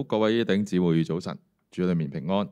好，各位一頂姊妹早晨，主裏面平安。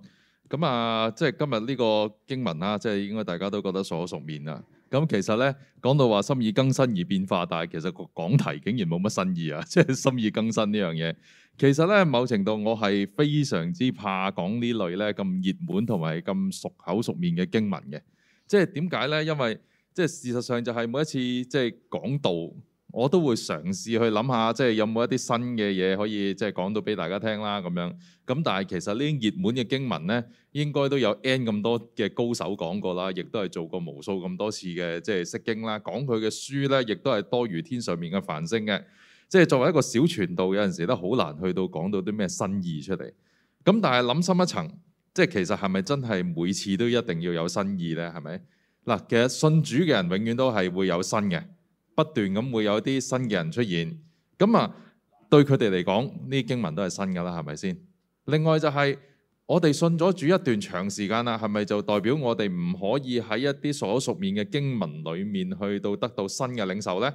咁啊，即係今日呢個經文啦，即係應該大家都覺得熟口熟面啦。咁其實咧，講到話心意更新而變化，但係其實個講題竟然冇乜新意啊！即係心意更新呢樣嘢，其實咧某程度我係非常之怕講呢類咧咁熱門同埋咁熟口熟面嘅經文嘅。即係點解咧？因為即係事實上就係每一次即係講道。我都會嘗試去諗下，即係有冇一啲新嘅嘢可以即係講到俾大家聽啦咁樣。咁但係其實呢啲熱門嘅經文咧，應該都有 N 咁多嘅高手講過啦，亦都係做過無數咁多次嘅即係釋經啦，講佢嘅書咧，亦都係多如天上面嘅繁星嘅。即係作為一個小傳道，有陣時都好難去到講到啲咩新意出嚟。咁但係諗深一層，即係其實係咪真係每次都一定要有新意咧？係咪？嗱，其實信主嘅人永遠都係會有新嘅。不斷咁會有啲新嘅人出現，咁啊，對佢哋嚟講，呢啲經文都係新㗎啦，係咪先？另外就係，我哋信咗主一段長時間啦，係咪就代表我哋唔可以喺一啲熟手熟面嘅經文裡面去到得到新嘅領受呢？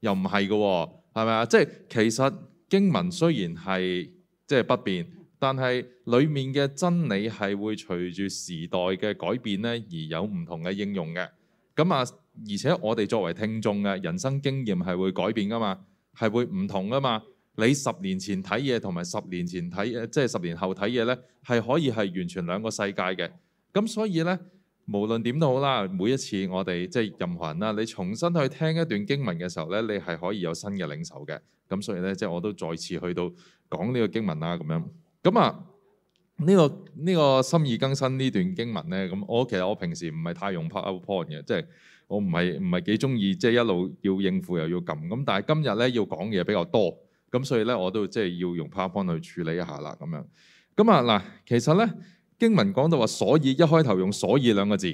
又唔係㗎喎，係咪啊？即係其實經文雖然係即係不變，但係裡面嘅真理係會隨住時代嘅改變呢，而有唔同嘅應用嘅。咁啊，而且我哋作為聽眾嘅人生經驗係會改變噶嘛，係會唔同噶嘛。你十年前睇嘢同埋十年前睇，即係十年後睇嘢咧，係可以係完全兩個世界嘅。咁所以咧，無論點都好啦，每一次我哋即係任何人啦，你重新去聽一段經文嘅時候咧，你係可以有新嘅領受嘅。咁所以咧，即係我都再次去到講呢個經文啦，咁樣。咁啊。呢個呢個心意更新呢段經文呢，咁我其實我平時唔係太用 PowerPoint 嘅，即係我唔係唔係幾中意即係一路要應付又要撳。咁但係今日呢，要講嘢比較多，咁所以呢，我都即係要用 PowerPoint 去處理一下啦咁樣。咁啊嗱，其實呢，經文講到話，所以一開頭用所以兩個字，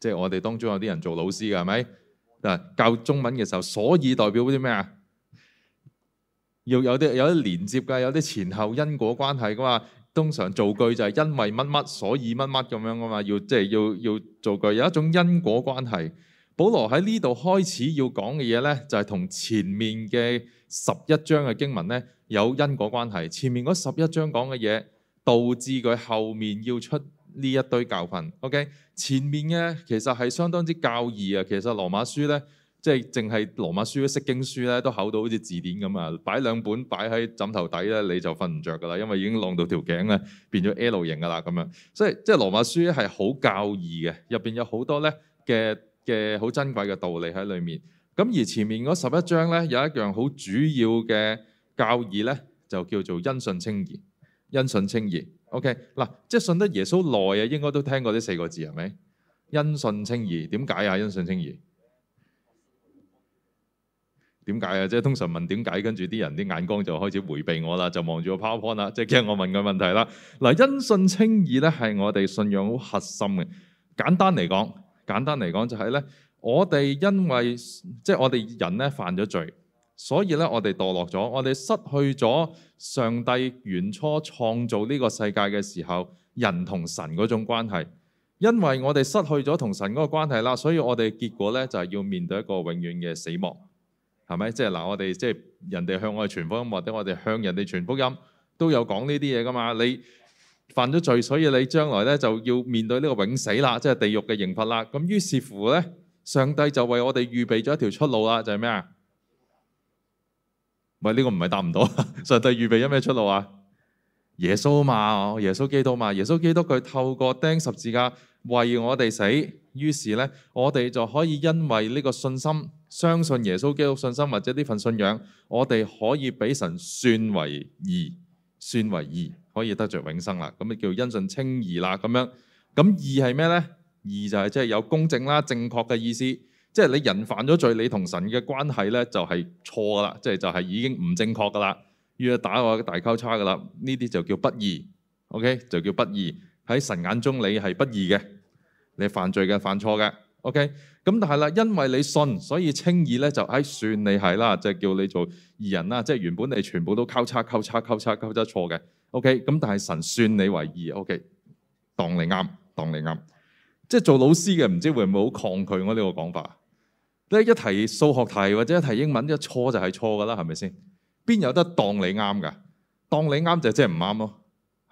即係我哋當中有啲人做老師嘅係咪？嗱，教中文嘅時候，所以代表啲咩啊？要有啲有啲連接㗎，有啲前後因果關係㗎嘛。通常造句就係因為乜乜所以乜乜咁樣啊嘛，要即係要要造句有一種因果關係。保羅喺呢度開始要講嘅嘢咧，就係、是、同前面嘅十一章嘅經文咧有因果關係。前面嗰十一章講嘅嘢導致佢後面要出呢一堆教訓。OK，前面嘅其實係相當之教義啊，其實羅馬書咧。即係淨係羅馬書嘅釋經書咧，都厚到好似字典咁啊！擺兩本擺喺枕頭底咧，你就瞓唔着噶啦，因為已經攣到條頸啊，變咗 L 型噶啦咁樣。所以即係羅馬書係好教義嘅，入邊有好多咧嘅嘅好珍貴嘅道理喺裏面。咁而前面嗰十一章咧有一樣好主要嘅教義咧，就叫做因信稱義。因信稱義，OK 嗱，即係信得耶穌耐啊，應該都聽過呢四個字係咪？因信稱義，點解啊？因信稱義。點解啊？即係通常問點解，跟住啲人啲眼光就開始迴避我啦，就望住個 PowerPoint 啦，即係驚我問個問題啦。嗱，因信稱義咧係我哋信仰好核心嘅。簡單嚟講，簡單嚟講就係咧，我哋因為即係、就是、我哋人咧犯咗罪，所以咧我哋墮落咗，我哋失去咗上帝原初創造呢個世界嘅時候人同神嗰種關係。因為我哋失去咗同神嗰個關係啦，所以我哋結果咧就係要面對一個永遠嘅死亡。係咪即係嗱？我哋即係人哋向我哋傳福音，或者我哋向人哋傳福音，都有講呢啲嘢噶嘛？你犯咗罪，所以你將來咧就要面對呢個永死啦，即係地獄嘅刑罰啦。咁於是乎咧，上帝就為我哋預備咗一條出路啦，就係咩啊？喂，呢個唔係答唔到。上帝預備咗咩出路啊？耶穌嘛，耶穌基督嘛，耶穌基督佢透過釘十字架為我哋死，於是咧我哋就可以因為呢個信心。相信耶穌基督，信心或者呢份信仰，我哋可以俾神算為義，算為義，可以得着永生啦。咁就叫因信稱義啦。咁樣，咁義係咩呢？義就係即係有公正啦、正確嘅意思。即係你人犯咗罪，你同神嘅關係呢就係錯噶啦，即係就係、是、已經唔正確噶啦，要打我個大交叉噶啦。呢啲就叫不義，OK 就叫不義。喺神眼中你係不義嘅，你犯罪嘅、犯錯嘅，OK。咁但係啦，因為你信，所以稱義咧就誒、哎、算你係啦，即係叫你做義人啦。即係原本你全部都交叉、交叉、交叉、交叉錯嘅。OK，咁但係神算你為義，OK，當你啱，當你啱。即係做老師嘅，唔知會唔會好抗拒我呢個講法咧？一提數學題或者一提英文，一錯就係錯噶啦，係咪先？邊有得當你啱㗎？當你啱就即係唔啱咯。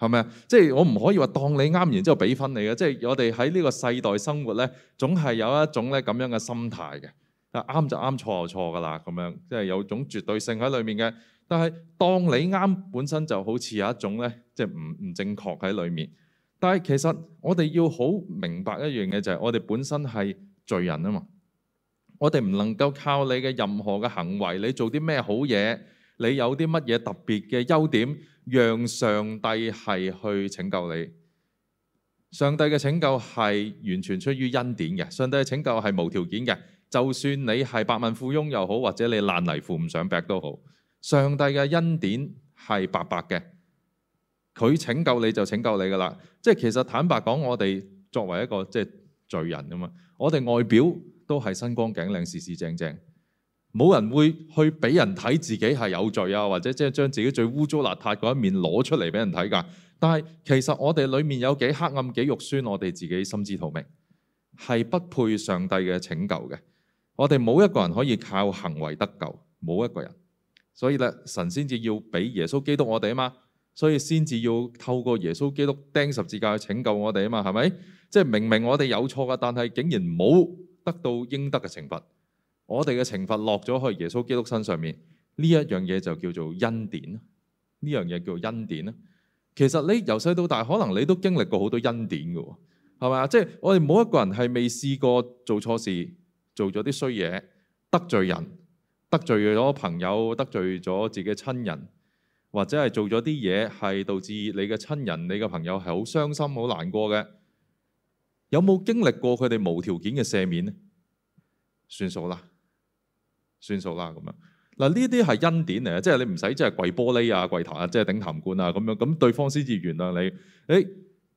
係咪啊？即係我唔可以話當你啱，然之後俾分你嘅。即係我哋喺呢個世代生活咧，總係有一種咧咁樣嘅心態嘅。但啱就啱，錯就錯噶啦，咁樣即係有種絕對性喺裏面嘅。但係當你啱本身就好似有一種咧，即係唔唔正確喺裏面。但係其實我哋要好明白一樣嘢就係，我哋本身係罪人啊嘛。我哋唔能夠靠你嘅任何嘅行為，你做啲咩好嘢？你有啲乜嘢特別嘅優點，讓上帝係去拯救你？上帝嘅拯救係完全出於恩典嘅，上帝嘅拯救係無條件嘅。就算你係百萬富翁又好，或者你爛泥扶唔上壁都好，上帝嘅恩典係白白嘅。佢拯救你就拯救你㗎喇。即係其實坦白講，我哋作為一個即係罪人啊嘛，我哋外表都係身光頸靚，事事正正正。冇人會去俾人睇自己係有罪啊，或者即係將自己最污糟邋遢嗰一面攞出嚟俾人睇噶但係其實我哋裏面有幾黑暗、幾肉酸，我哋自己心知肚明，係不配上帝嘅拯救嘅。我哋冇一個人可以靠行為得救，冇一個人。所以咧，神先至要俾耶穌基督我哋啊嘛，所以先至要透過耶穌基督釘十字架去拯救我哋啊嘛，係咪？即係明明我哋有錯噶，但係竟然冇得到應得嘅懲罰。我哋嘅懲罰落咗去耶穌基督身上面，呢一樣嘢就叫做恩典。呢樣嘢叫做恩典啦。其實你由細到大，可能你都經歷過好多恩典嘅喎，係咪啊？即係我哋冇一個人係未試過做錯事，做咗啲衰嘢，得罪人，得罪咗朋友，得罪咗自己親人，或者係做咗啲嘢係導致你嘅親人、你嘅朋友係好傷心、好難過嘅。有冇經歷過佢哋無條件嘅赦免咧？算數啦。算數啦，咁樣嗱，呢啲係恩典嚟嘅，即係你唔使即係跪玻璃啊、跪台啊、即係頂壇官啊咁樣，咁對方先至原諒你。誒、欸，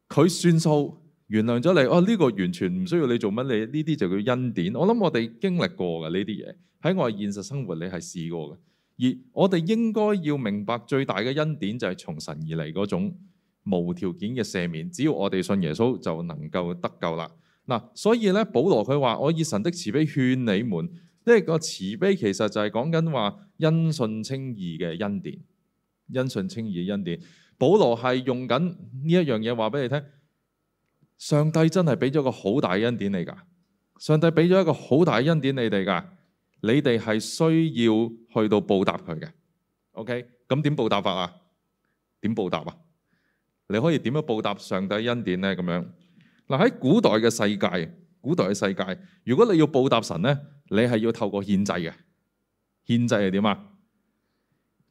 佢算數，原諒咗你。哦、啊，呢、這個完全唔需要你做乜，你呢啲就叫恩典。我諗我哋經歷過㗎呢啲嘢，喺我現實生活你係試過嘅。而我哋應該要明白最大嘅恩典就係從神而嚟嗰種無條件嘅赦免，只要我哋信耶穌就能夠得救啦。嗱、啊，所以咧，保羅佢話：我以神的慈悲勸你們。呢個慈悲其實就係講緊話因信稱義嘅恩典，因信稱義嘅恩典。保羅係用緊呢一樣嘢話俾你聽，上帝真係俾咗個好大恩典你㗎。上帝俾咗一個好大恩典你哋㗎，你哋係需要去到報答佢嘅。OK，咁點報答法啊？點報答啊？你可以點樣報答上帝恩典呢？咁樣嗱喺古代嘅世界，古代嘅世界，如果你要報答神呢。你係要透過獻祭嘅，獻祭係點啊？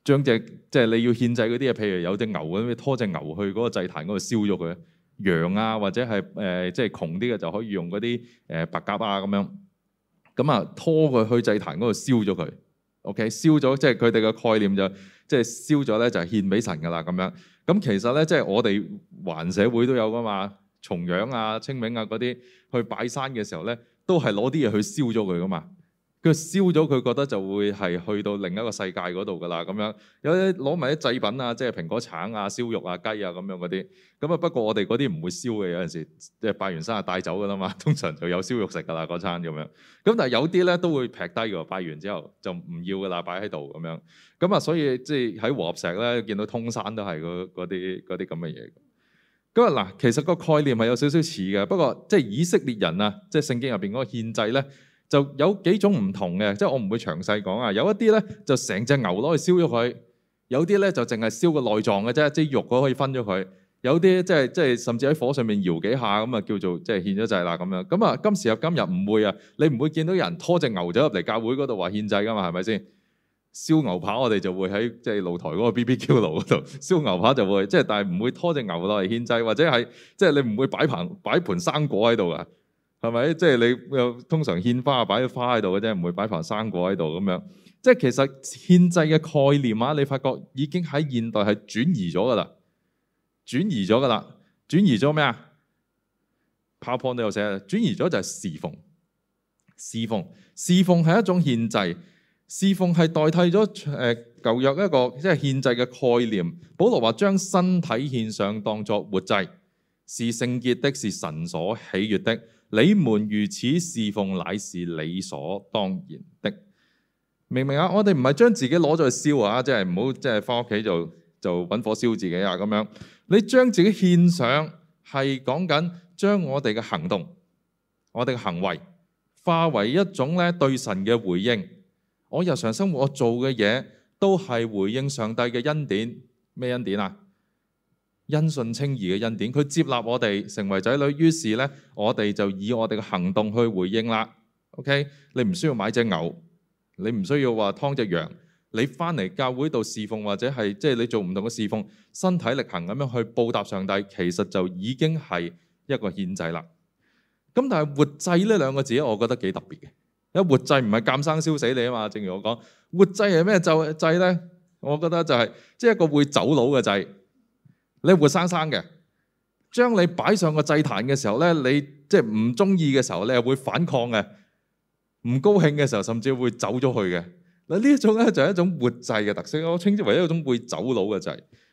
將隻即係、就是、你要獻祭嗰啲嘢，譬如有隻牛咁，你拖隻牛去嗰個祭壇嗰度燒咗佢。羊啊，或者係誒即係窮啲嘅就可以用嗰啲誒白鴿啊咁樣，咁啊拖佢去祭壇嗰度燒咗佢。OK，燒咗即係佢哋嘅概念就即係、就是、燒咗咧就係獻俾神㗎啦咁樣。咁其實咧即係我哋環社會都有㗎嘛，重陽啊、清明啊嗰啲去拜山嘅時候咧。都係攞啲嘢去燒咗佢噶嘛，佢燒咗佢覺得就會係去到另一個世界嗰度噶啦咁樣。有啲攞埋啲祭品啊，即係蘋果、橙啊、燒肉啊、雞啊咁樣嗰啲。咁啊不過我哋嗰啲唔會燒嘅有陣時，即係拜完山啊帶走噶啦嘛，通常就有燒肉食噶啦嗰餐咁樣。咁但係有啲咧都會劈低㗎，拜完之後就唔要㗎啦，擺喺度咁樣。咁啊所以即係喺和合石咧見到通山都係嗰啲嗰啲咁嘅嘢。咁啊嗱，其實個概念係有少少似嘅，不過即係以色列人啊，即係聖經入邊嗰個獻祭咧，就有幾種唔同嘅，即係我唔會詳細講啊。有一啲咧就成隻牛攞去燒咗佢，有啲咧就淨係燒個內臟嘅啫，即係肉嗰可以分咗佢。有啲即係即係甚至喺火上面搖幾下咁啊，叫做即係獻咗祭啦咁樣。咁啊，今時入今日唔會啊，你唔會見到人拖隻牛仔入嚟教會嗰度話獻祭噶嘛，係咪先？燒牛扒，我哋就會喺即係露台嗰個 B B Q 爐嗰度燒牛扒，就會即係，但係唔會拖隻牛落嚟獻祭，或者係即係你唔會擺盤擺盤生果喺度噶，係咪？即係你通常獻花擺啲花喺度嘅啫，唔會擺盤生果喺度咁樣。即係其實獻祭嘅概念啊，你發覺已經喺現代係轉移咗噶啦，轉移咗噶啦，轉移咗咩啊？PowerPoint 又寫，轉移咗就係侍奉，侍奉，侍奉係一種獻祭。侍奉係代替咗誒舊約一個即係獻祭嘅概念。保羅話：將身體獻上當作活祭，是聖潔的，是神所喜悅的。你們如此侍奉，乃是理所當然的。明唔明啊，我哋唔係將自己攞咗去燒啊，即係唔好即係翻屋企就就揾火燒自己啊咁樣。你將自己獻上，係講緊將我哋嘅行動、我哋嘅行為，化為一種咧對神嘅回應。我日常生活我做嘅嘢都係回應上帝嘅恩典，咩恩典啊？因信稱義嘅恩典，佢接納我哋成為仔女，於是呢，我哋就以我哋嘅行動去回應啦。OK，你唔需要買隻牛，你唔需要話劏隻羊，你翻嚟教會度侍奉或者係即係你做唔同嘅侍奉，身體力行咁樣去報答上帝，其實就已經係一個獻祭啦。咁但係活祭呢兩個字，我覺得幾特別嘅。一活祭唔係鑑生燒死你啊嘛！正如我講，活祭係咩就祭咧？我覺得就係即係一個會走佬嘅祭。你活生生嘅，將你擺上個祭壇嘅時候咧，你即係唔中意嘅時候，你係、就是、會反抗嘅；唔高興嘅時候，甚至會走咗去嘅。嗱，呢一種咧就係一種活祭嘅特色，我稱之為一種會走佬嘅祭。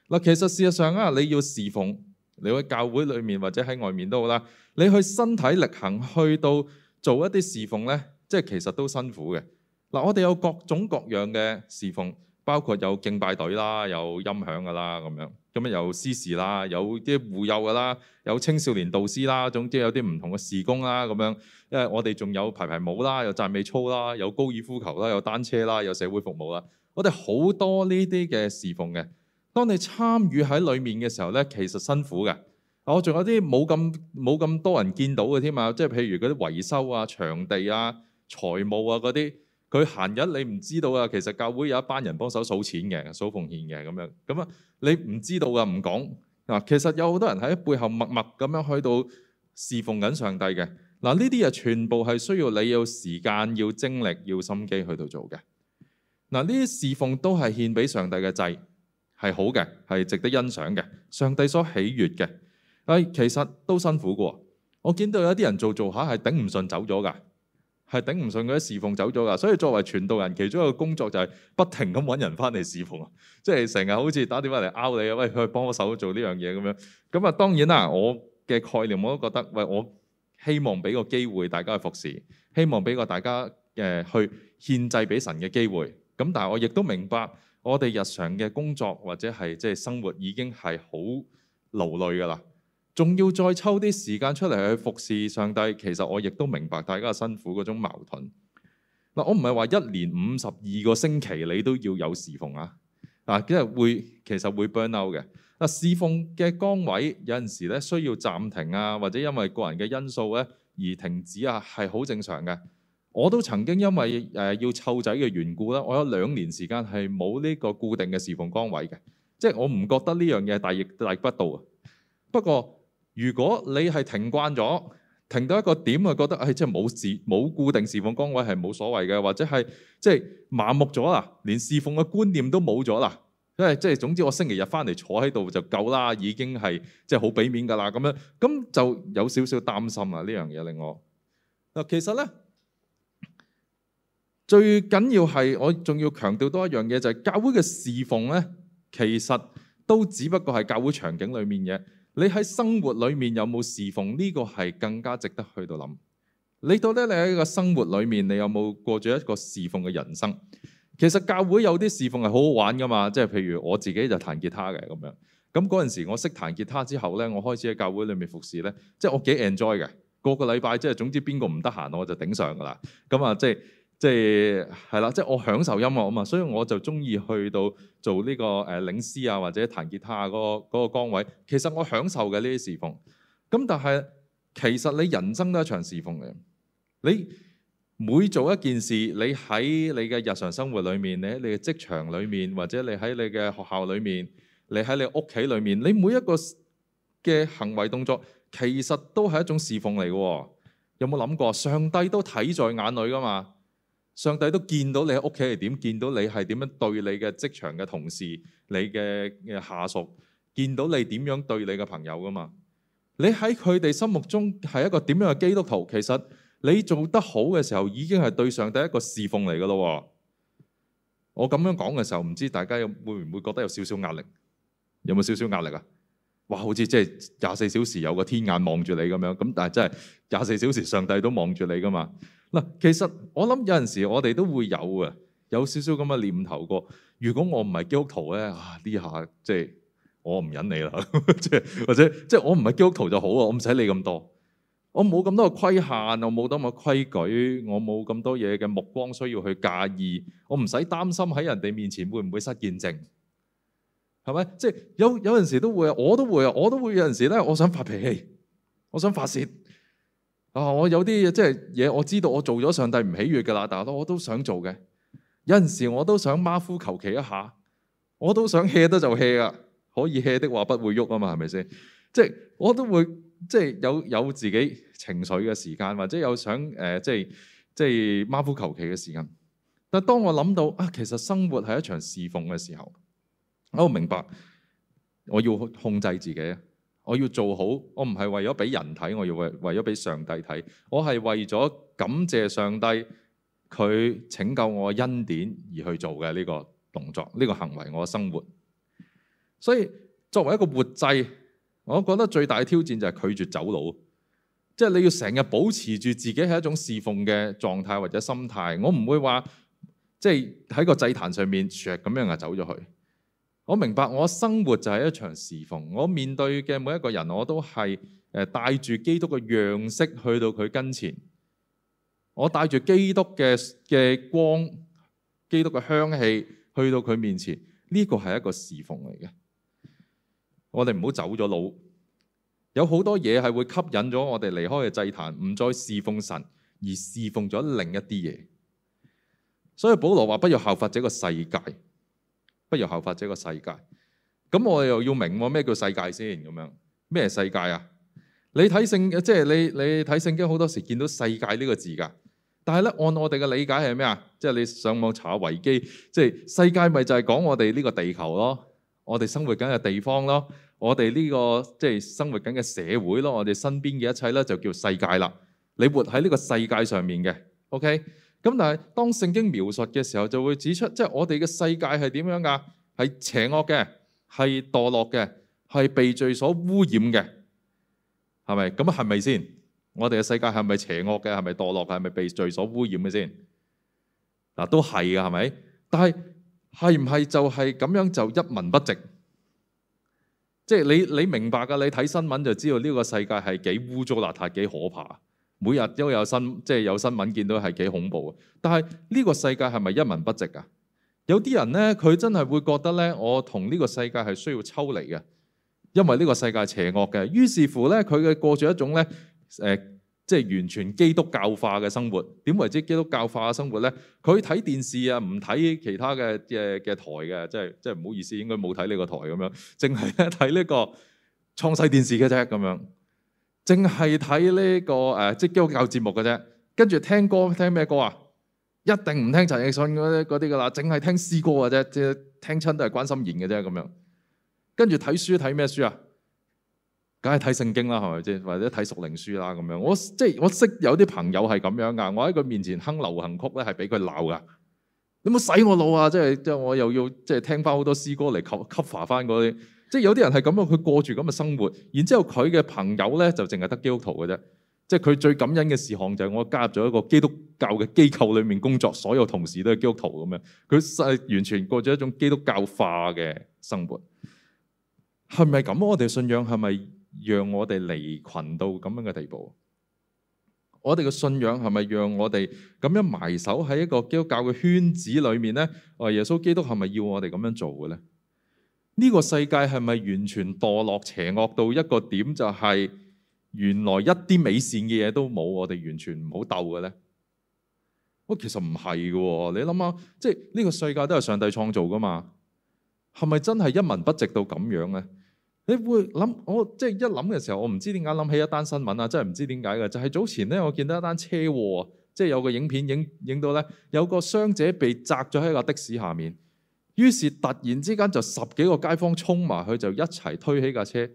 嗱，其實事實上啊，你要侍奉，你喺教會裏面或者喺外面都好啦，你去身體力行去到做一啲侍奉咧。即係其實都辛苦嘅。嗱，我哋有各種各樣嘅侍奉，包括有敬拜隊啦，有音響噶啦，咁樣咁樣有司事啦，有啲護幼噶啦，有青少年導師啦，總之有啲唔同嘅事工啦，咁樣。因為我哋仲有排排舞啦，有讚美操啦，有高爾夫球啦，有單車啦，有社會服務啦，我哋好多呢啲嘅侍奉嘅。當你參與喺裡面嘅時候呢，其實辛苦嘅。我仲有啲冇咁冇咁多人見到嘅添嘛，即係譬如嗰啲維修啊、場地啊。財務啊嗰啲，佢閑日你唔知道啊。其實教會有一班人幫手數錢嘅，數奉獻嘅咁樣。咁啊，你唔知道啊，唔講嗱。其實有好多人喺背後默默咁樣去到侍奉緊上帝嘅。嗱，呢啲啊，全部係需要你有時間、要精力、要心機去到做嘅。嗱，呢啲侍奉都係獻俾上帝嘅祭，係好嘅，係值得欣賞嘅。上帝所喜悅嘅，唉，其實都辛苦過。我見到有啲人做做下係頂唔順走咗㗎。係頂唔順佢啲侍奉走咗㗎，所以作為傳道人，其中一個工作就係不停咁揾人翻嚟侍奉，即係成日好似打電話嚟拗你啊，喂，可以幫我手做呢樣嘢咁樣。咁啊，當然啦，我嘅概念我都覺得，喂，我希望俾個機會大家去服侍，希望俾個大家誒、呃、去獻祭俾神嘅機會。咁但係我亦都明白，我哋日常嘅工作或者係即係生活已經係好勞累㗎啦。仲要再抽啲時間出嚟去服侍上帝，其實我亦都明白大家辛苦嗰種矛盾。嗱，我唔係話一年五十二個星期你都要有侍奉啊，嗱，因為會其實會 burn out 嘅。嗱，侍奉嘅崗位有陣時咧需要暫停啊，或者因為個人嘅因素咧而停止啊，係好正常嘅。我都曾經因為誒要湊仔嘅緣故啦，我有兩年時間係冇呢個固定嘅侍奉崗位嘅，即係我唔覺得呢樣嘢大逆大不道啊。不過，如果你係停慣咗，停到一個點啊，覺得誒、哎，即係冇事冇固定侍奉崗位係冇所謂嘅，或者係即係麻木咗啦，連侍奉嘅觀念都冇咗啦，即係即係，總之我星期日翻嚟坐喺度就夠啦，已經係即係好俾面噶啦，咁樣咁就有少少擔心啦，呢樣嘢令我嗱，其實呢，最緊要係我仲要強調多一樣嘢，就係、是、教會嘅侍奉呢，其實都只不過係教會場景裏面嘅。你喺生活裏面有冇侍奉？呢個係更加值得去到諗。你到底，你喺個生活裏面，你有冇過咗一個侍奉嘅人生？其實教會有啲侍奉係好好玩噶嘛，即係譬如我自己就彈吉他嘅咁樣。咁嗰陣時我識彈吉他之後呢，我開始喺教會裏面服侍呢，即係我幾 enjoy 嘅。個個禮拜即係總之邊個唔得閒我就頂上噶啦。咁啊即係。即係係啦，即係、就是就是、我享受音樂啊嘛，所以我就中意去到做呢個誒領詩啊，或者彈吉他啊、那、嗰、個嗰個崗位。其實我享受嘅呢啲侍奉。咁但係其實你人生都係一場侍奉嘅。你每做一件事，你喺你嘅日常生活裏面，你喺你嘅職場裏面，或者你喺你嘅學校裏面，你喺你屋企裏面，你每一個嘅行為動作，其實都係一種侍奉嚟嘅。有冇諗過上帝都睇在眼裏㗎嘛？上帝都見到你喺屋企係點，見到你係點樣對你嘅職場嘅同事、你嘅下屬，見到你點樣對你嘅朋友㗎嘛？你喺佢哋心目中係一個點樣嘅基督徒？其實你做得好嘅時候，已經係對上帝一個侍奉嚟㗎咯。我咁樣講嘅時候，唔知大家有會唔會覺得有少少壓力？有冇少少壓力啊？哇！好似即係廿四小時有個天眼望住你咁樣。咁但係真係廿四小時上帝都望住你㗎嘛。嗱，其實我諗有陣時我哋都會有嘅，有少少咁嘅念頭過。如果我唔係基督徒咧，啊呢下即係我唔忍你啦，即 係或者即係我唔係基督徒就好啊，我唔使理咁多，我冇咁多嘅規限，我冇咁多規矩，我冇咁多嘢嘅目光需要去介意，我唔使擔心喺人哋面前會唔會失見證，係咪？即係，有有陣時都會，我都會，我都會有陣時咧，我想發脾氣，我想發泄。啊、哦！我有啲即係嘢，我知道我做咗上帝唔喜悅嘅啦，但係我都想做嘅。有陣時我都想馬虎求其一下，我都想 hea 得就 hea 㗎，可以 hea 嘅話，不會喐啊嘛，係咪先？即係我都會即係有有自己情緒嘅時間，或者有想誒、呃、即係即係馬虎求其嘅時間。但係當我諗到啊，其實生活係一場侍奉嘅時候，我明白我要控制自己。我要做好，我唔係為咗俾人睇，我要為為咗俾上帝睇。我係為咗感謝上帝，佢拯救我嘅恩典而去做嘅呢個動作，呢個行為，我嘅生活。所以作為一個活祭，我覺得最大嘅挑戰就係拒絕走佬，即係你要成日保持住自己係一種侍奉嘅狀態或者心態。我唔會話即係喺個祭壇上面著咁樣啊走咗去。我明白，我生活就係一場侍奉。我面對嘅每一個人，我都係誒帶住基督嘅樣式去到佢跟前。我帶住基督嘅嘅光、基督嘅香氣去到佢面前。呢個係一個侍奉嚟嘅。我哋唔好走咗路，有好多嘢係會吸引咗我哋離開嘅祭壇，唔再侍奉神，而侍奉咗另一啲嘢。所以保羅話：不要效法這個世界。不如效法這個世界，咁我又要明咩叫世界先咁樣。咩世界啊？你睇聖，即係你你睇聖經好多時見到世界呢個字㗎。但係咧，按我哋嘅理解係咩啊？即係你上網查下維基，即係世界咪就係講我哋呢個地球咯，我哋生活緊嘅地方咯，我哋呢個即係生活緊嘅社會咯，我哋身邊嘅一切咧就叫世界啦。你活喺呢個世界上面嘅，OK？咁但係當聖經描述嘅時候，就會指出，即係我哋嘅世界係點樣噶？係邪惡嘅，係墮落嘅，係被罪所污染嘅，係咪？咁啊係咪先？我哋嘅世界係咪邪惡嘅？係咪墮落嘅，係咪被罪所污染嘅先？嗱，都係噶，係咪？但係係唔係就係咁樣就一文不值？即係你你明白噶？你睇新聞就知道呢個世界係幾污糟邋遢、幾可怕。每日都有新，即係有新聞見到係幾恐怖啊！但係呢個世界係咪一文不值啊？有啲人呢，佢真係會覺得呢，我同呢個世界係需要抽離嘅，因為呢個世界邪惡嘅。於是乎呢，佢嘅過住一種呢，誒，即係完全基督教化嘅生活。點為之基督教化嘅生活呢？佢睇電視啊，唔睇其他嘅嘅嘅台嘅，即係即係唔好意思，應該冇睇呢個台咁樣，淨係睇呢個創世電視嘅啫咁樣。淨係睇呢個誒、呃，即係基督教節目嘅啫。跟住聽歌，聽咩歌啊？一定唔聽陳奕迅嗰啲嗰啲噶啦，淨係聽詩歌嘅啫。即係聽親都係關心妍嘅啫咁樣。跟住睇書睇咩書啊？梗係睇聖經啦，係咪先？或者睇熟靈書啦咁樣。我即係我識有啲朋友係咁樣噶，我喺佢面前哼流行曲咧，係俾佢鬧噶。你冇洗我腦啊！即係即係我又要即係聽翻好多詩歌嚟吸 o v 翻嗰啲。即係有啲人係咁樣，佢過住咁嘅生活，然之後佢嘅朋友呢，就淨係得基督徒嘅啫。即係佢最感恩嘅事項就係我加入咗一個基督教嘅機構裏面工作，所有同事都係基督徒咁樣，佢實完全過咗一種基督教化嘅生活。係咪咁？我哋信仰係咪讓我哋離群到咁樣嘅地步？我哋嘅信仰係咪讓我哋咁樣埋首喺一個基督教嘅圈子裏面呢？哦、哎，耶穌基督係咪要我哋咁樣做嘅呢？呢個世界係咪完全墮落邪惡到一個點，就係原來一啲美善嘅嘢都冇，我哋完全唔好鬥嘅呢？喂，其實唔係嘅喎，你諗下，即係呢個世界都係上帝創造噶嘛？係咪真係一文不值到咁樣呢？你會諗，我即係一諗嘅時候，我唔知點解諗起一單新聞啊！真係唔知點解嘅，就係早前呢，我見到一單車禍，即係有個影片影影到呢，有個傷者被砸咗喺個的士下面。於是突然之間就十幾個街坊衝埋去就一齊推起架車，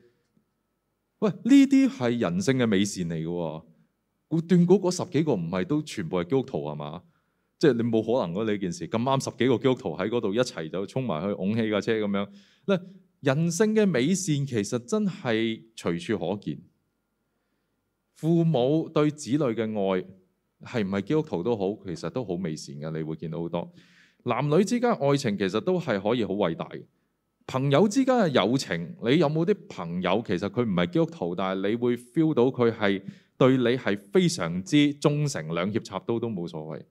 喂！呢啲係人性嘅美善嚟嘅，斷估嗰十幾個唔係都全部係基督徒係嘛？即係你冇可能嘅呢件事咁啱十幾個基督徒喺嗰度一齊就衝埋去擁起架車咁樣。嗱，人性嘅美善其實真係隨處可見，父母對子女嘅愛係唔係基督徒都好，其實都好美善嘅，你會見到好多。男女之間愛情其實都係可以好偉大嘅，朋友之間嘅友情，你有冇啲朋友其實佢唔係基督徒，但係你會 feel 到佢係對你係非常之忠誠，兩肋插刀都冇所謂。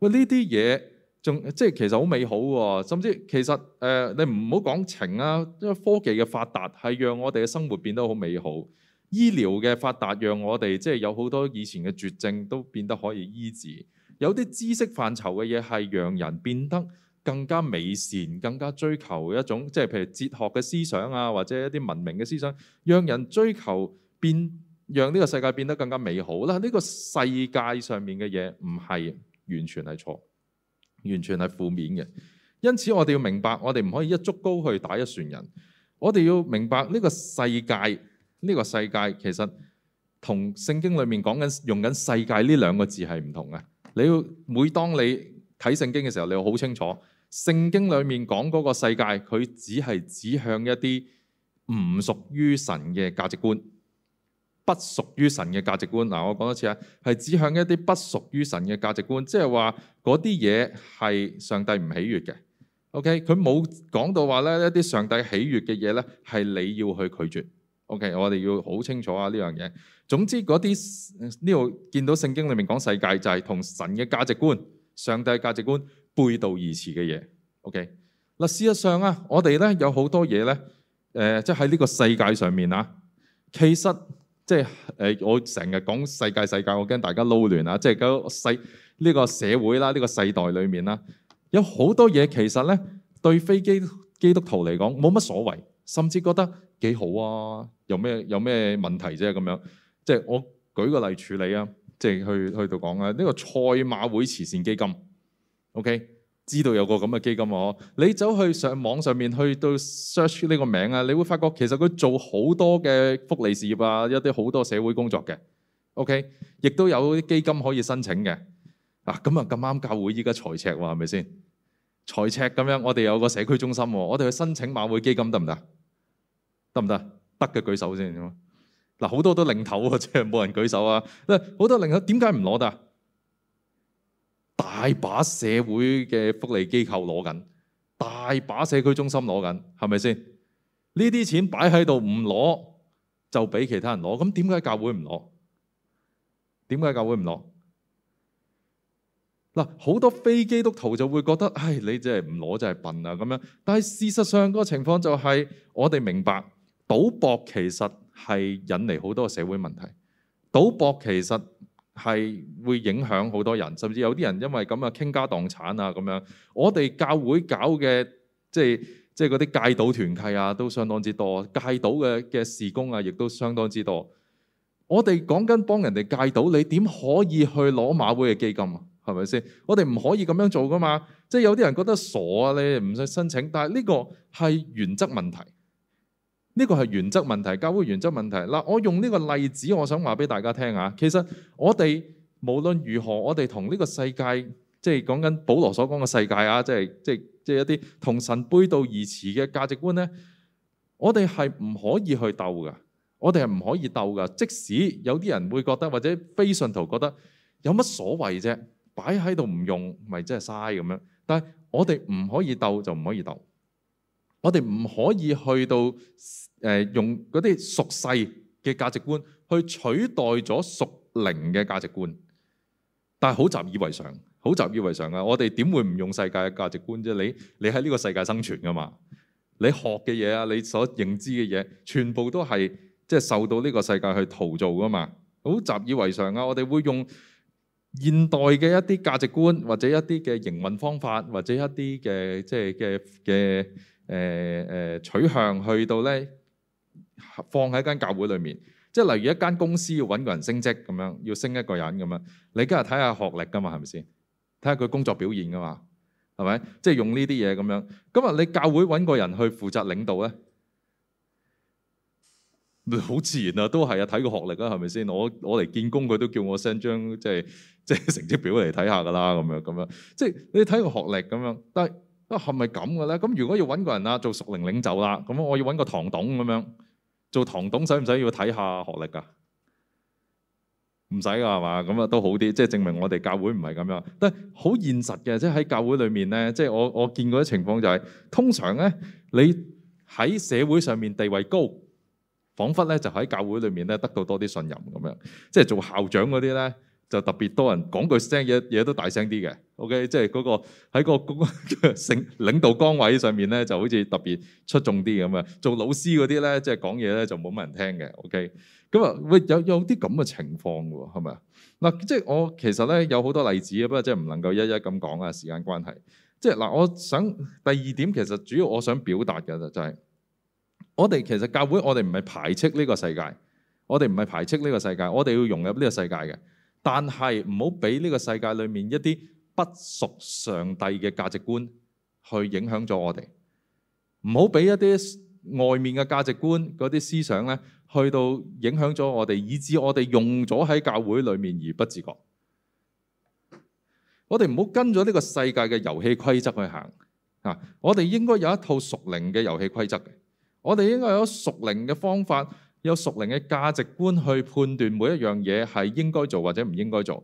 喂，呢啲嘢仲即係其實好美好喎，甚至其實誒、呃、你唔好講情啊，因為科技嘅發達係讓我哋嘅生活變得好美好，醫療嘅發達讓我哋即係有好多以前嘅絕症都變得可以醫治。有啲知識範疇嘅嘢係讓人變得更加美善，更加追求一種即係譬如哲學嘅思想啊，或者一啲文明嘅思想，讓人追求變，讓呢個世界變得更加美好啦。呢個世界上面嘅嘢唔係完全係錯，完全係負面嘅。因此我哋要明白，我哋唔可以一竹篙去打一船人。我哋要明白呢個世界，呢個世界其實同聖經裡面講緊用緊世界呢兩個字係唔同嘅。你要每當你睇聖經嘅時候，你要好清楚聖經裡面講嗰個世界，佢只係指向一啲唔屬於神嘅價值觀，不屬於神嘅價值觀。嗱、嗯，我講多次啊，係指向一啲不屬於神嘅價值觀，即係話嗰啲嘢係上帝唔喜悅嘅。OK，佢冇講到話咧一啲上帝喜悅嘅嘢咧係你要去拒絕。OK，我哋要好清楚啊呢樣嘢，總之嗰啲，呢度見到聖經裏面講世界就係同神嘅價值觀，上帝嘅價值觀背道而馳嘅嘢。O K，嗱事實上啊，我哋咧有好多嘢咧，誒，即係喺呢個世界上面啊，其實即係誒，我成日講世界世界，我驚大家撈亂啊。即係嗰世，呢個社會啦，呢個世代裏面啦，有好多嘢其實咧對非基基督徒嚟講冇乜所謂，甚至覺得。幾好啊？有咩有咩問題啫？咁樣即係我舉個例處理啊，即係去去到講啊，呢、呢個賽馬會慈善基金，OK，知道有個咁嘅基金喎。你走去上網上面去到 search 呢個名啊，你會發覺其實佢做好多嘅福利事業啊，一啲好多社會工作嘅，OK，亦都有啲基金可以申請嘅。嗱咁啊，咁啱教會依家財赤喎，係咪先？財赤咁樣，我哋有個社區中心，我哋去申請馬會基金得唔得？行得唔得？得嘅舉手先。嗱，好多都領頭喎，即係冇人舉手啊！好多領頭點解唔攞㗎？大把社會嘅福利機構攞緊，大把社區中心攞緊，係咪先？呢啲錢擺喺度唔攞，就俾其他人攞。咁點解教會唔攞？點解教會唔攞？嗱，好多非基督徒就會覺得，唉、哎，你真係唔攞，真係笨啊！咁樣。但係事實上，嗰個情況就係、是、我哋明白。賭博其實係引嚟好多社會問題，賭博其實係會影響好多人，甚至有啲人因為咁啊傾家蕩產啊咁樣。我哋教會搞嘅即係即係嗰啲戒賭團契啊，都相當之多，戒賭嘅嘅事工啊，亦都相當之多。我哋講緊幫人哋戒賭，你點可以去攞馬會嘅基金啊？係咪先？我哋唔可以咁樣做㗎嘛。即係有啲人覺得傻啊，你唔使申請，但係呢個係原則問題。呢個係原則問題，教會原則問題。嗱，我用呢個例子，我想話俾大家聽下。其實我哋無論如何，我哋同呢個世界，即係講緊保羅所講嘅世界啊，即係即係即係一啲同神背道而馳嘅價值觀呢，我哋係唔可以去鬥㗎。我哋係唔可以鬥㗎。即使有啲人會覺得，或者非信徒覺得有乜所謂啫，擺喺度唔用，咪即係嘥咁樣。但係我哋唔可以鬥，就唔可以鬥。我哋唔可以去到誒、呃、用嗰啲屬世嘅價值觀去取代咗屬靈嘅價值觀，但係好習以為常，好習以為常啊！我哋點會唔用世界嘅價值觀啫？你你喺呢個世界生存㗎嘛？你學嘅嘢啊，你所認知嘅嘢，全部都係即係受到呢個世界去陶造㗎嘛？好習以為常啊！我哋會用現代嘅一啲價值觀，或者一啲嘅營運方法，或者一啲嘅即係嘅嘅。誒誒取向去到呢，放喺間教會裏面，即係例如一間公司要揾個人升職咁樣，要升一個人咁樣，你今日睇下學歷㗎嘛，係咪先？睇下佢工作表現㗎嘛，係咪？即係用呢啲嘢咁樣。咁啊，你教會揾個人去負責領導呢？好自然啊，都係啊，睇個學歷啊，係咪先？我我嚟見工，佢都叫我 send 張即係即係成績表嚟睇下㗎啦，咁樣咁樣，即係你睇個學歷咁樣，但係。啊，係咪咁嘅咧？咁如果要揾個人啦，做屬靈領袖啦，咁我要揾個堂董咁樣，做堂董使唔使要睇下學歷噶？唔使噶係嘛？咁啊都好啲，即係證明我哋教會唔係咁樣。但係好現實嘅，即係喺教會裏面咧，即係我我見過啲情況就係、是，通常咧你喺社會上面地位高，彷彿咧就喺教會裏面咧得到多啲信任咁樣。即係做校長嗰啲咧。就特別多人講句聲嘢，嘢都大聲啲嘅。OK，即係嗰個喺個個領領導崗位上面咧，就好似特別出眾啲咁啊。做老師嗰啲咧，即係講嘢咧就冇乜人聽嘅。OK，咁啊會有有啲咁嘅情況喎，係咪？嗱，即係我其實咧有好多例子嘅，不過即係唔能夠一一咁講啊，時間關係。即係嗱，我想第二點其實主要我想表達嘅就係，我哋其實教會我哋唔係排斥呢個世界，我哋唔係排斥呢個世界，我哋要融入呢個世界嘅。但係唔好俾呢個世界裏面一啲不屬上帝嘅價值觀去影響咗我哋，唔好俾一啲外面嘅價值觀嗰啲思想呢去到影響咗我哋，以致我哋用咗喺教會裏面而不自覺。我哋唔好跟咗呢個世界嘅遊戲規則去行啊！我哋應該有一套屬靈嘅遊戲規則嘅，我哋應該有屬靈嘅方法。有屬靈嘅價值觀去判斷每一樣嘢係應該做或者唔應該做。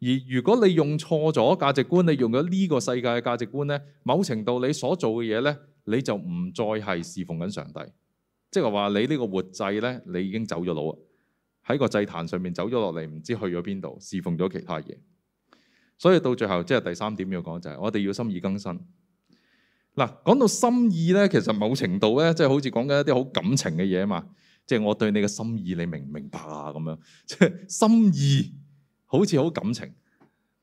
而如果你用錯咗價值觀，你用咗呢個世界嘅價值觀咧，某程度你所做嘅嘢呢，你就唔再係侍奉緊上帝，即係話你呢個活祭呢，你已經走咗佬啊，喺個祭壇上面走咗落嚟，唔知去咗邊度侍奉咗其他嘢。所以到最後，即係第三點要講就係我哋要心意更新。嗱，講到心意呢，其實某程度呢，即係好似講緊一啲好感情嘅嘢啊嘛。即係我對你嘅心意，你明唔明白啊？咁樣即係心意，好似好感情，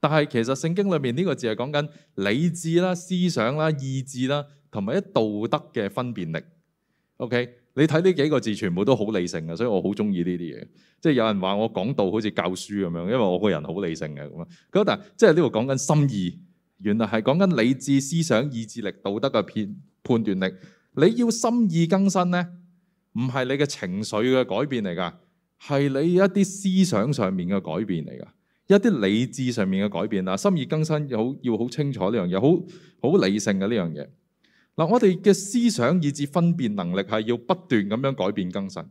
但係其實聖經裏面呢個字係講緊理智啦、思想啦、意志啦，同埋一道德嘅分辨力。O.K. 你睇呢幾個字，全部都好理性嘅，所以我好中意呢啲嘢。即係有人話我講道好似教書咁樣，因為我個人好理性嘅咁啊。但即係呢度講緊心意，原來係講緊理智、思想、意志力、道德嘅判判斷力。你要心意更新呢。唔係你嘅情緒嘅改變嚟噶，係你一啲思想上面嘅改變嚟噶，一啲理智上面嘅改變啦，心意更新，好要好清楚呢樣嘢，好好理性嘅呢樣嘢。嗱，我哋嘅思想以至分辨能力係要不斷咁樣改變更新，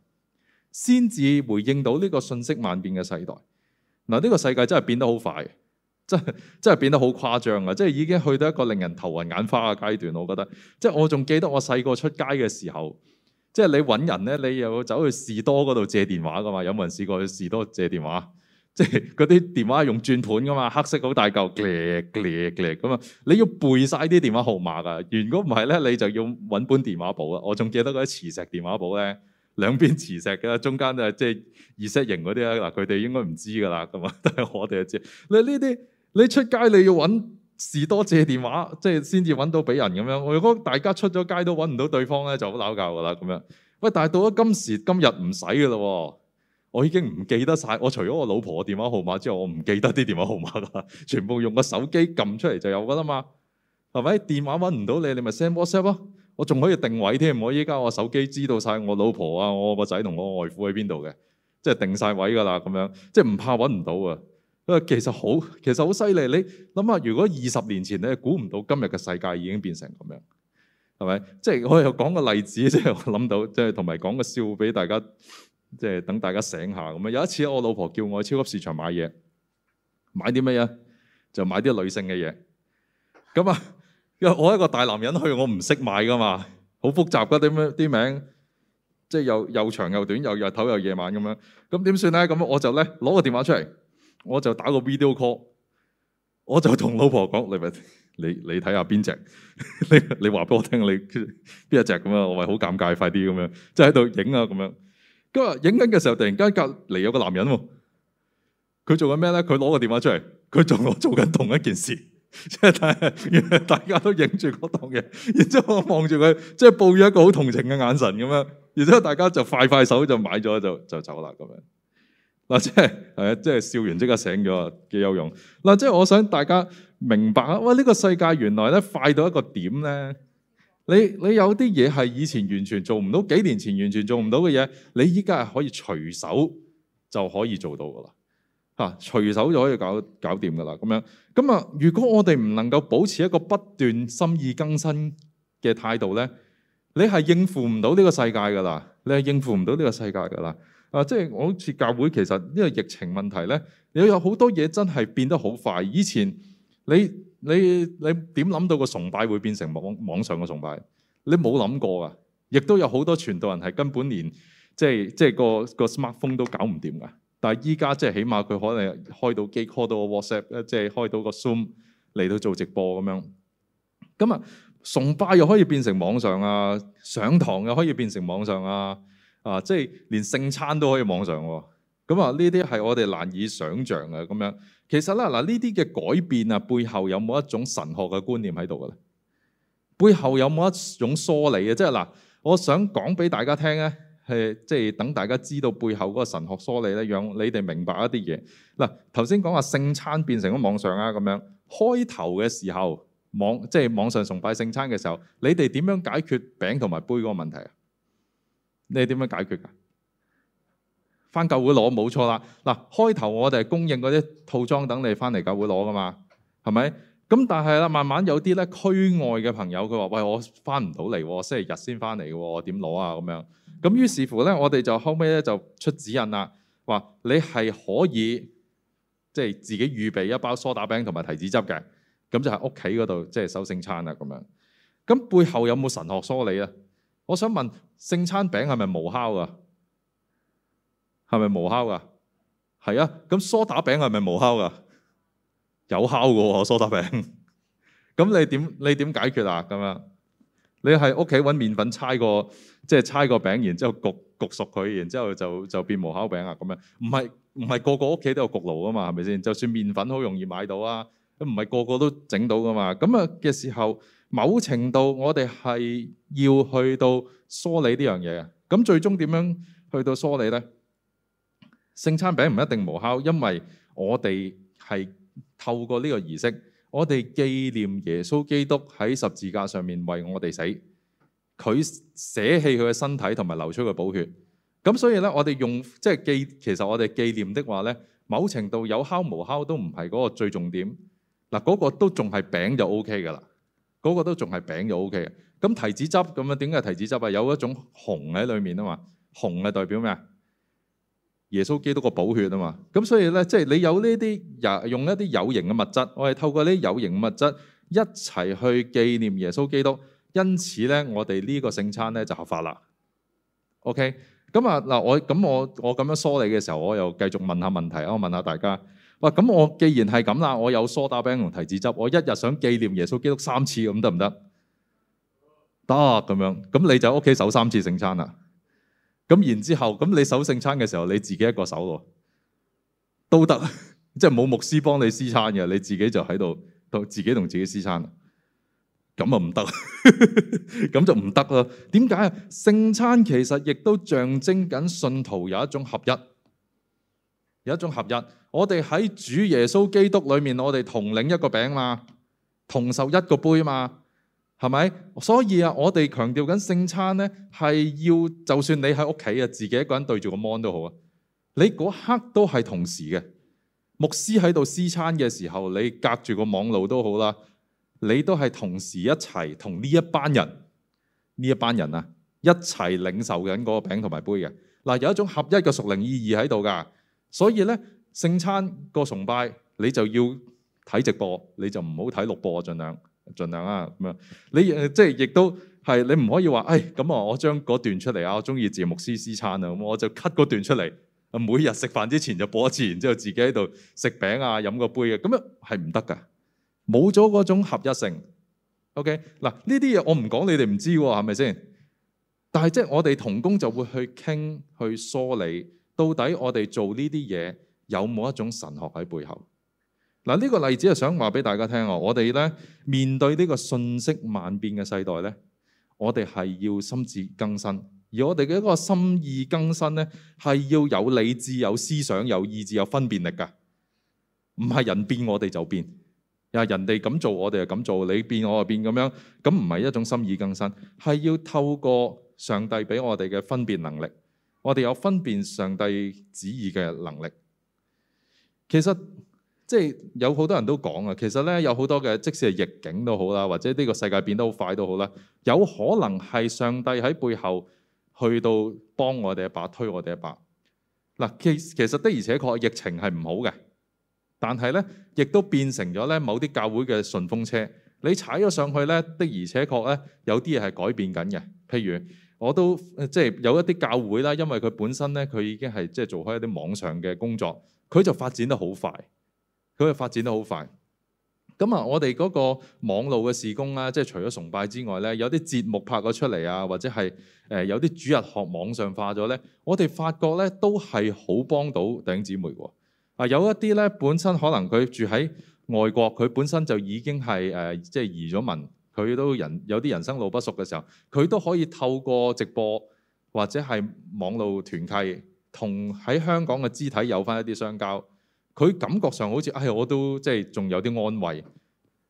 先至回應到呢個瞬息萬變嘅世代。嗱，呢個世界真係變得好快，真真係變得好誇張啊！即係已經去到一個令人頭暈眼花嘅階段，我覺得。即係我仲記得我細個出街嘅時候。即係你揾人咧，你又走去士多嗰度借電話噶嘛？有冇人試過去士多借電話？即係嗰啲電話係用轉盤噶嘛，黑色好大嚿，攣攣咁啊！你要背晒啲電話號碼噶，如果唔係咧，你就要揾本電話簿啊！我仲記得嗰啲磁石電話簿咧，兩邊磁石嘅，中間就係即係二式型嗰啲啦。嗱，佢哋應該唔知噶啦，咁啊，但係我哋就知。你呢啲，你出街你要揾。是士多借電話，即係先至揾到俾人咁樣。如果大家出咗街都揾唔到對方呢，就好鬧交噶啦咁樣。喂，但係到咗今時今日唔使噶啦，我已經唔記得晒，我除咗我老婆電話號碼之外，我唔記得啲電話號碼啦，全部用個手機撳出嚟就有噶啦嘛。係咪電話揾唔到你，你咪 send WhatsApp 咯。我仲可以定位添。唔，我依家我手機知道晒我老婆啊、我個仔同我外父喺邊度嘅，即係定晒位噶啦咁樣，即係唔怕揾唔到啊。其實好，其實好犀利。你諗下，如果二十年前你估唔到今日嘅世界已經變成咁樣，係咪？即係我又講個例子，即係我諗到，即係同埋講個笑俾大家，即係等大家醒下咁啊！樣有一次，我老婆叫我去超級市場買嘢，買啲乜嘢？就買啲女性嘅嘢。咁啊，因為我一個大男人去，我唔識買噶嘛，好複雜噶啲啲名，即係又又長又短，又日頭又夜晚咁樣。咁點算咧？咁我就咧攞個電話出嚟。我就打個 video call，我就同老婆講：你咪你你睇下邊隻？你你話俾我聽，你邊一隻咁樣？我係好尷尬，快啲咁樣，即係喺度影啊咁樣。咁啊，影緊嘅時候，突然間隔離有個男人喎，佢做緊咩咧？佢攞個電話出嚟，佢同我做緊同一件事，即係原來大家都影住嗰檔嘢。然之後我望住佢，即係報以一個好同情嘅眼神咁樣。然之後大家就快快手就買咗就就走啦咁樣。嗱，即係，誒，即係笑完即刻醒咗，幾有用。嗱，即係我想大家明白啊，喂，呢個世界原來咧快到一個點咧，你你有啲嘢係以前完全做唔到，幾年前完全做唔到嘅嘢，你依家係可以隨手就可以做到噶啦，吓，啊，隨手就可以搞搞掂噶啦，咁樣。咁啊，如果我哋唔能夠保持一個不斷心意更新嘅態度咧，你係應付唔到呢個世界噶啦，你係應付唔到呢個世界噶啦。啊，即係我好似教會，其實呢個疫情問題咧，有有好多嘢真係變得好快。以前你你你點諗到個崇拜會變成網網上嘅崇拜？你冇諗過啊！亦都有好多傳道人係根本連即係即係個個 smartphone 都搞唔掂噶。但係依家即係起碼佢可能開到機 call 到個 WhatsApp，即係開到個 Zoom 嚟到做直播咁樣。咁啊，崇拜又可以變成網上啊，上堂又可以變成網上啊。啊，即係連聖餐都可以網上，咁啊呢啲係我哋難以想象嘅咁樣。其實咧嗱，呢啲嘅改變啊，背後有冇一種神學嘅觀念喺度嘅咧？背後有冇一種梳理啊？即係嗱、啊，我想講俾大家聽咧，係即係等大家知道背後嗰個神學梳理咧，讓你哋明白一啲嘢。嗱，頭先講話，聖餐變成咗網上啊，咁樣開頭嘅時候網即係網上崇拜聖餐嘅時候，你哋點樣解決餅同埋杯嗰個問題啊？你點樣解決噶？翻教會攞冇錯啦。嗱，開頭我哋係供應嗰啲套裝，等你翻嚟教會攞噶嘛，係咪？咁但係啦，慢慢有啲咧，區外嘅朋友，佢話，喂，我翻唔到嚟，我星期日先翻嚟嘅，我點攞啊？咁樣咁，於是乎咧，我哋就後尾咧就出指引啦，話你係可以即係、就是、自己預備一包梳打餅同埋提子汁嘅，咁就喺屋企嗰度即係收聖餐啦。咁樣咁背後有冇神學梳理啊？我想問。聖餐餅係咪無烤噶？係咪無烤噶？係啊，咁梳打餅係咪無烤噶？有烤噶喎、啊，梳打餅。咁 你點你點解決啊？咁樣你係屋企揾麵粉，猜個即係猜個餅，然之後焗焗熟佢，然之後就就變無烤餅啊？咁樣唔係唔係個個屋企都有焗爐啊嘛？係咪先？就算麵粉好容易買到啊，唔係個個都整到噶嘛？咁啊嘅時候。某程度，我哋係要去到梳理呢樣嘢嘅。咁最終點樣去到梳理呢？聖餐餅唔一定無酵，因為我哋係透過呢個儀式，我哋紀念耶穌基督喺十字架上面為我哋死，佢捨棄佢嘅身體同埋流出佢寶血。咁所以呢，我哋用即係紀其實我哋紀念的話咧，某程度有酵無酵都唔係嗰個最重點。嗱，嗰個都仲係餅就 OK 㗎喇。嗰個餅都仲係餅就 O K 嘅，咁提子汁咁樣？點解提子汁啊？有一種紅喺裏面啊嘛，紅係代表咩？耶穌基督個寶血啊嘛，咁所以咧，即係你有呢啲，用一啲有形嘅物質，我哋透過呢有形嘅物質一齊去紀念耶穌基督。因此咧，我哋呢個聖餐咧就合法啦。O K，咁啊嗱，我咁我我咁樣梳理嘅時候，我又繼續問下問題，我問下大家。喂，咁、啊、我既然係咁啦，我有梳打餅同提子汁，我一日想紀念耶穌基督三次咁得唔得？得咁樣，樣，咁你就屋企守三次聖餐啦。咁然之後，咁你守聖餐嘅時候，你自己一個守喎，都得，即係冇牧師幫你私餐嘅，你自己就喺度自己同自己私餐。咁啊唔得，咁 就唔得咯。點解啊？聖餐其實亦都象徵緊信徒有一種合一。有一種合一，我哋喺主耶穌基督裏面，我哋同領一個餅嘛，同受一個杯嘛，係咪？所以啊，我哋強調緊聖餐呢，係要就算你喺屋企啊，自己一個人對住個 mon 都好啊，你嗰刻都係同時嘅。牧師喺度施餐嘅時候，你隔住個網路都好啦，你都係同時一齊同呢一班人，呢一班人啊，一齊領受緊嗰個餅同埋杯嘅。嗱，有一種合一嘅屬靈意義喺度噶。所以咧，聖餐個崇拜你就要睇直播，你就唔好睇錄播，盡量盡量啊咁樣。你誒即係亦都係你唔可以話誒咁啊！我將嗰段出嚟啊，我中意節目師師餐啊，咁我就 cut 嗰段出嚟啊。每日食飯之前就播一次，然之後自己喺度食餅啊、飲個杯啊，咁樣係唔得噶，冇咗嗰種合一性。OK 嗱，呢啲嘢我唔講，你哋唔知喎啊，係咪先？但係即係我哋同工就會去傾去梳理。到底我哋做呢啲嘢有冇一種神學喺背後？嗱、這、呢個例子係想話俾大家聽。我哋咧面對呢個信息萬變嘅世代咧，我哋係要心智更新，而我哋嘅一個心意更新咧係要有理智、有思想、有意志、有分辨力㗎。唔係人變我哋就變，又人哋咁做我哋就咁做，你變我就變咁樣，咁唔係一種心意更新，係要透過上帝俾我哋嘅分辨能力。我哋有分辨上帝旨意嘅能力。其實即係有好多人都講啊，其實呢，有好多嘅，即使係逆境都好啦，或者呢個世界變得好快都好啦，有可能係上帝喺背後去到幫我哋一把，推我哋一把。嗱，其其實的而且確疫情係唔好嘅，但係呢，亦都變成咗呢某啲教會嘅順風車。你踩咗上去呢，的而且確呢有啲嘢係改變緊嘅，譬如。我都即係有一啲教會啦，因為佢本身咧，佢已經係即係做開一啲網上嘅工作，佢就發展得好快，佢就發展得好快。咁啊，我哋嗰個網路嘅事工啦，即係除咗崇拜之外咧，有啲節目拍咗出嚟啊，或者係誒有啲主日學網上化咗咧，我哋發覺咧都係好幫到弟兄姊妹喎。啊，有一啲咧本身可能佢住喺外國，佢本身就已經係誒即係移咗民。佢都人有啲人生路不熟嘅時候，佢都可以透過直播或者係網絡團契，同喺香港嘅肢體有返一啲相交。佢感覺上好似唉、哎，我都即係仲有啲安慰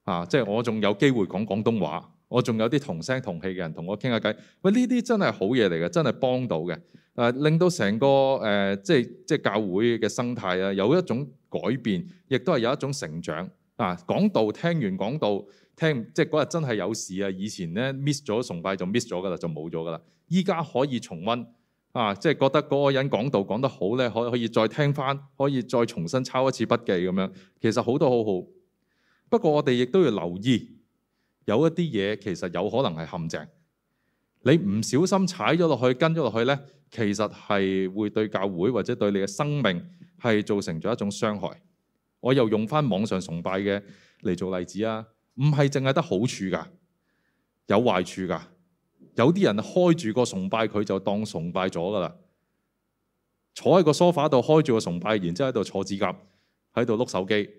啊！即係我仲有機會講廣東話，我仲有啲同聲同氣嘅人同我傾下偈。喂，呢啲真係好嘢嚟嘅，真係幫到嘅。誒、啊，令到成個誒、呃、即係即係教會嘅生態啊，有一種改變，亦都係有一種成長。啊，講道聽完講道聽，即係嗰日真係有事啊！以前呢，miss 咗崇拜就 miss 咗㗎啦，就冇咗㗎啦。依家可以重溫啊，即係覺得嗰個人講道講得好呢，可可以再聽返，可以再重新抄一次筆記咁樣。其實好多好好，不過我哋亦都要留意，有一啲嘢其實有可能係陷阱。你唔小心踩咗落去跟咗落去呢，其實係會對教會或者對你嘅生命係造成咗一種傷害。我又用翻網上崇拜嘅嚟做例子啊，唔係淨係得好處㗎，有壞處㗎。有啲人開住個崇拜佢就當崇拜咗㗎啦，坐喺個梳化度開住個崇拜，然之後喺度做指甲，喺度碌手機。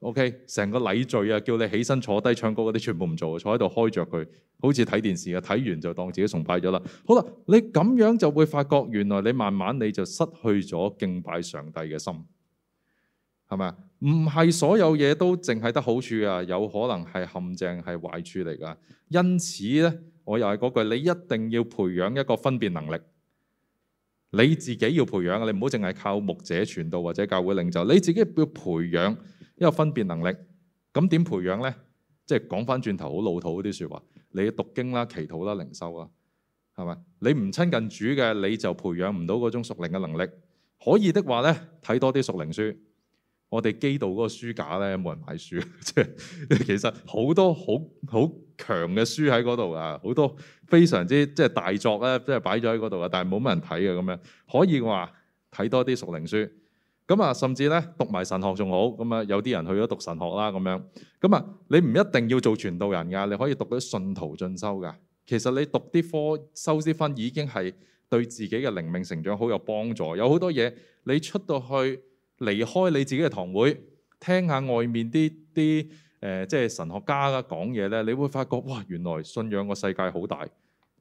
OK，成個禮序啊，叫你起身坐低唱歌嗰啲全部唔做，坐喺度開着佢，好似睇電視啊，睇完就當自己崇拜咗啦。好啦，你咁樣就會發覺，原來你慢慢你就失去咗敬拜上帝嘅心，係咪啊？唔係所有嘢都淨係得好處呀，有可能係陷阱，係壞處嚟噶。因此咧，我又係嗰句，你一定要培養一個分辨能力。你自己要培養嘅，你唔好淨係靠牧者傳道或者教會領袖，你自己要培養一個分辨能力。咁點培養呢？即係講翻轉頭好老土啲説話，你讀經啦、祈禱啦、靈修呀，係咪？你唔親近主嘅，你就培養唔到嗰種屬靈嘅能力。可以的話呢，睇多啲屬靈書。我哋基道嗰個書架咧，冇人買書，即係其實好多好好強嘅書喺嗰度噶，好多非常之即係、就是、大作咧，即係擺咗喺嗰度噶，但係冇乜人睇嘅咁樣，可以話睇多啲屬靈書，咁啊甚至咧讀埋神學仲好，咁啊有啲人去咗讀神學啦咁樣，咁啊你唔一定要做傳道人噶，你可以讀啲信徒進修噶，其實你讀啲科修啲分已經係對自己嘅靈命成長好有幫助，有好多嘢你出到去。離開你自己嘅堂會，聽下外面啲啲誒，即係神學家啦講嘢咧，你會發覺哇，原來信仰個世界好大，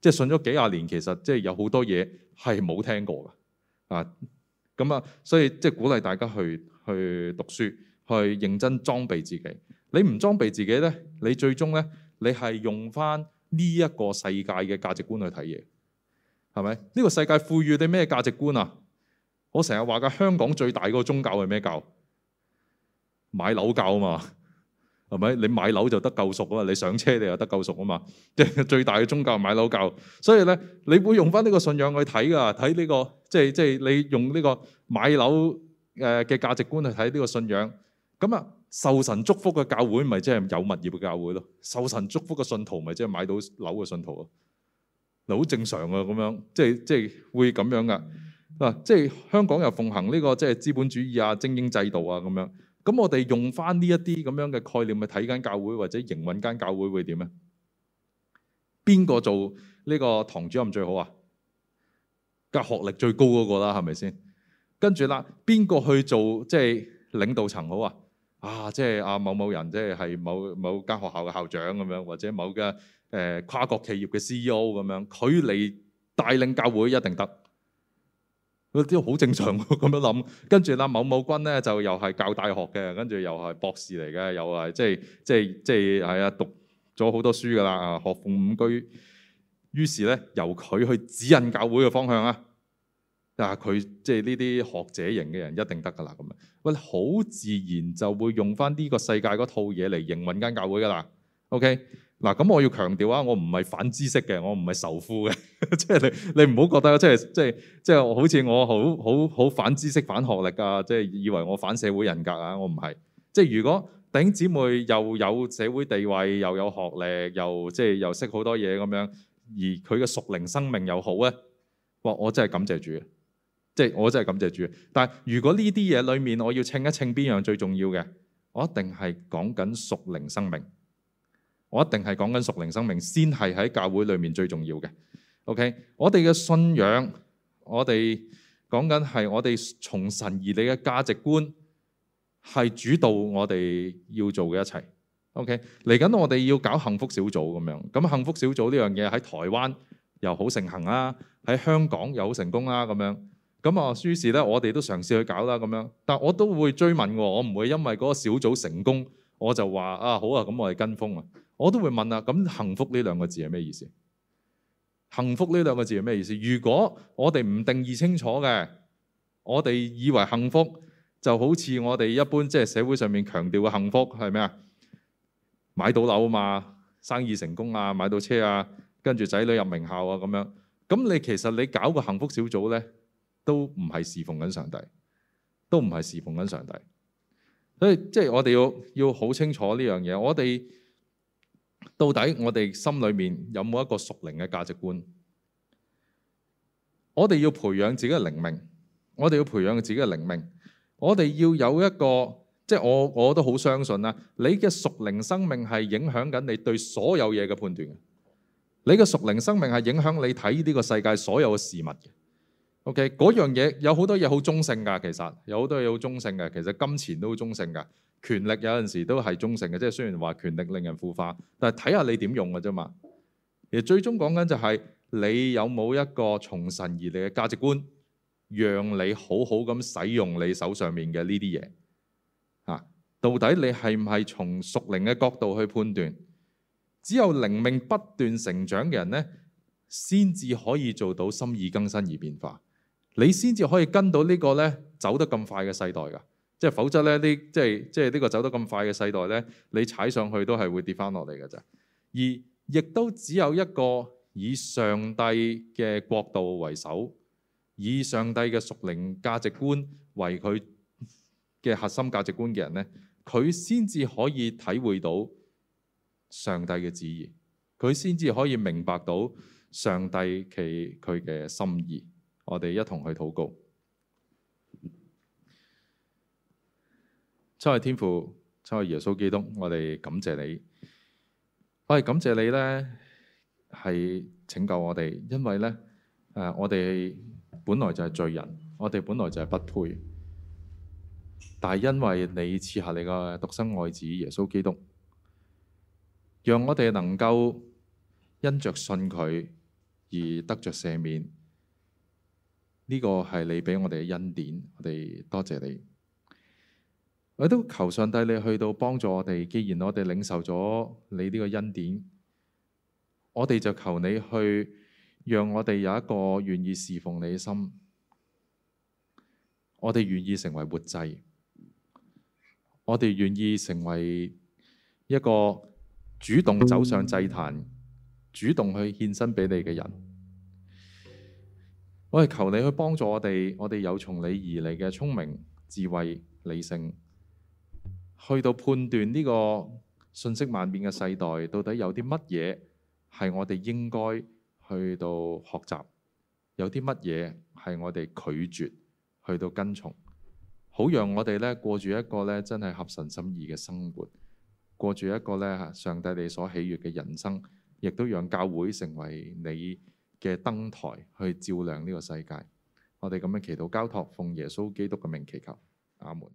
即係信咗幾廿年，其實即係有好多嘢係冇聽過嘅啊。咁啊，所以即係鼓勵大家去去讀書，去認真裝備自己。你唔裝備自己咧，你最終咧，你係用翻呢一個世界嘅價值觀去睇嘢，係咪？呢個世界賦予你咩價值觀啊？我成日話嘅香港最大個宗教係咩教？買樓教啊嘛，係咪？你買樓就得救贖啊嘛，你上車你又得救贖啊嘛，即係最大嘅宗教係買樓教。所以咧，你會用翻呢個信仰去睇噶，睇呢個即係即係你用呢個買樓誒嘅價值觀去睇呢個信仰。咁啊，受神祝福嘅教會咪即係有物業嘅教會咯，受神祝福嘅信徒咪即係買到樓嘅信徒咯。嗱，好正常啊，咁樣即係即係會咁樣噶。嗱，即係香港又奉行呢個即係資本主義啊、精英制度啊咁樣，咁我哋用翻呢一啲咁樣嘅概念去睇緊教會或者營運間教會會點咧？邊個做呢個堂主任最好啊？格學歷最高嗰個啦，係咪先？跟住啦，邊個去做即係領導層好啊？啊，即係阿某某人，即係係某某間學校嘅校長咁樣，或者某間誒、呃、跨國企業嘅 CEO 咁樣，佢嚟帶領教會一定得。都好正常咁樣諗，跟住啦某某君咧就又係教大學嘅，跟住又係博士嚟嘅，又係即係即係即係係啊，讀咗好多書噶啦啊，學富五車。於是咧由佢去指引教會嘅方向啊！嗱，佢即係呢啲學者型嘅人一定得噶啦咁樣，好自然就會用翻呢個世界嗰套嘢嚟營運間教會噶啦。OK。嗱，咁我要強調啊，我唔係反知識嘅，我唔係仇富嘅，即 係你你唔好覺得即係即係即係好似我好好好反知識反學歷啊，即係以為我反社會人格啊，我唔係。即係如果弟兄姊妹又有社會地位，又有學歷，又即係又識好多嘢咁樣，而佢嘅屬靈生命又好啊。哇！我真係感謝主，即係我真係感謝主。但係如果呢啲嘢裡面，我要稱一稱邊樣最重要嘅，我一定係講緊屬靈生命。我一定係講緊屬靈生命先係喺教會裏面最重要嘅。OK，我哋嘅信仰，我哋講緊係我哋從神而嚟嘅價值觀係主導我哋要做嘅一切。OK，嚟緊我哋要搞幸福小組咁樣，咁幸福小組呢樣嘢喺台灣又好盛行啦，喺香港又好成功啦咁樣。咁啊，於是咧我哋都嘗試去搞啦咁樣，但我都會追問我，我唔會因為嗰個小組成功，我就話啊，好啊，咁我係跟風啊。我都會問啊！咁幸福呢兩個字係咩意思？幸福呢兩個字係咩意思？如果我哋唔定義清楚嘅，我哋以為幸福就好似我哋一般，即係社會上面強調嘅幸福係咩啊？買到樓嘛，生意成功啊，買到車啊，跟住仔女入名校啊咁樣。咁你其實你搞個幸福小組呢，都唔係侍奉緊上帝，都唔係侍奉緊上帝。所以即係我哋要要好清楚呢樣嘢，我哋。到底我哋心裏面有冇一個屬靈嘅價值觀？我哋要培養自己嘅靈命，我哋要培養自己嘅靈命，我哋要有一個，即係我我都好相信啦、啊，你嘅屬靈生命係影響緊你對所有嘢嘅判斷，你嘅屬靈生命係影響你睇呢個世界所有嘅事物嘅。OK，嗰樣嘢有好多嘢好中性噶，其實有好多嘢好中性嘅，其實金錢都好中性噶，權力有陣時都係中性嘅，即係雖然話權力令人腐化，但係睇下你點用噶啫嘛。而最終講緊就係你有冇一個從神而嚟嘅價值觀，讓你好好咁使用你手上面嘅呢啲嘢啊？到底你係唔係從屬靈嘅角度去判斷？只有靈命不斷成長嘅人呢，先至可以做到心意更新而變化。你先至可以跟到呢個咧走得咁快嘅世代㗎，即係否則呢即係即係呢個走得咁快嘅世代呢，你踩上去都係會跌翻落嚟㗎咋。而亦都只有一個以上帝嘅國度為首，以上帝嘅屬靈價值觀為佢嘅核心價值觀嘅人呢，佢先至可以體會到上帝嘅旨意，佢先至可以明白到上帝其佢嘅心意。我哋一同去禱告，親愛天父，親愛耶穌基督，我哋感謝你。我哋感謝你呢，係拯救我哋，因為呢，誒、呃，我哋本來就係罪人，我哋本來就係不配，但係因為你賜下你個獨生愛子耶穌基督，讓我哋能夠因着信佢而得着赦免。呢個係你畀我哋嘅恩典，我哋多謝你。我都求上帝，你去到幫助我哋。既然我哋領受咗你呢個恩典，我哋就求你去讓我哋有一個願意侍奉你嘅心。我哋願意成為活祭，我哋願意成為一個主動走上祭壇、主動去獻身畀你嘅人。我係求你去幫助我哋，我哋有從你而嚟嘅聰明、智慧、理性，去到判斷呢個信息萬變嘅世代，到底有啲乜嘢係我哋應該去到學習，有啲乜嘢係我哋拒絕去到跟從，好讓我哋咧過住一個咧真係合神心意嘅生活，過住一個咧上帝你所喜悅嘅人生，亦都讓教會成為你。嘅燈台去照亮呢個世界，我哋咁樣祈禱交託，奉耶穌基督嘅名祈求，阿門。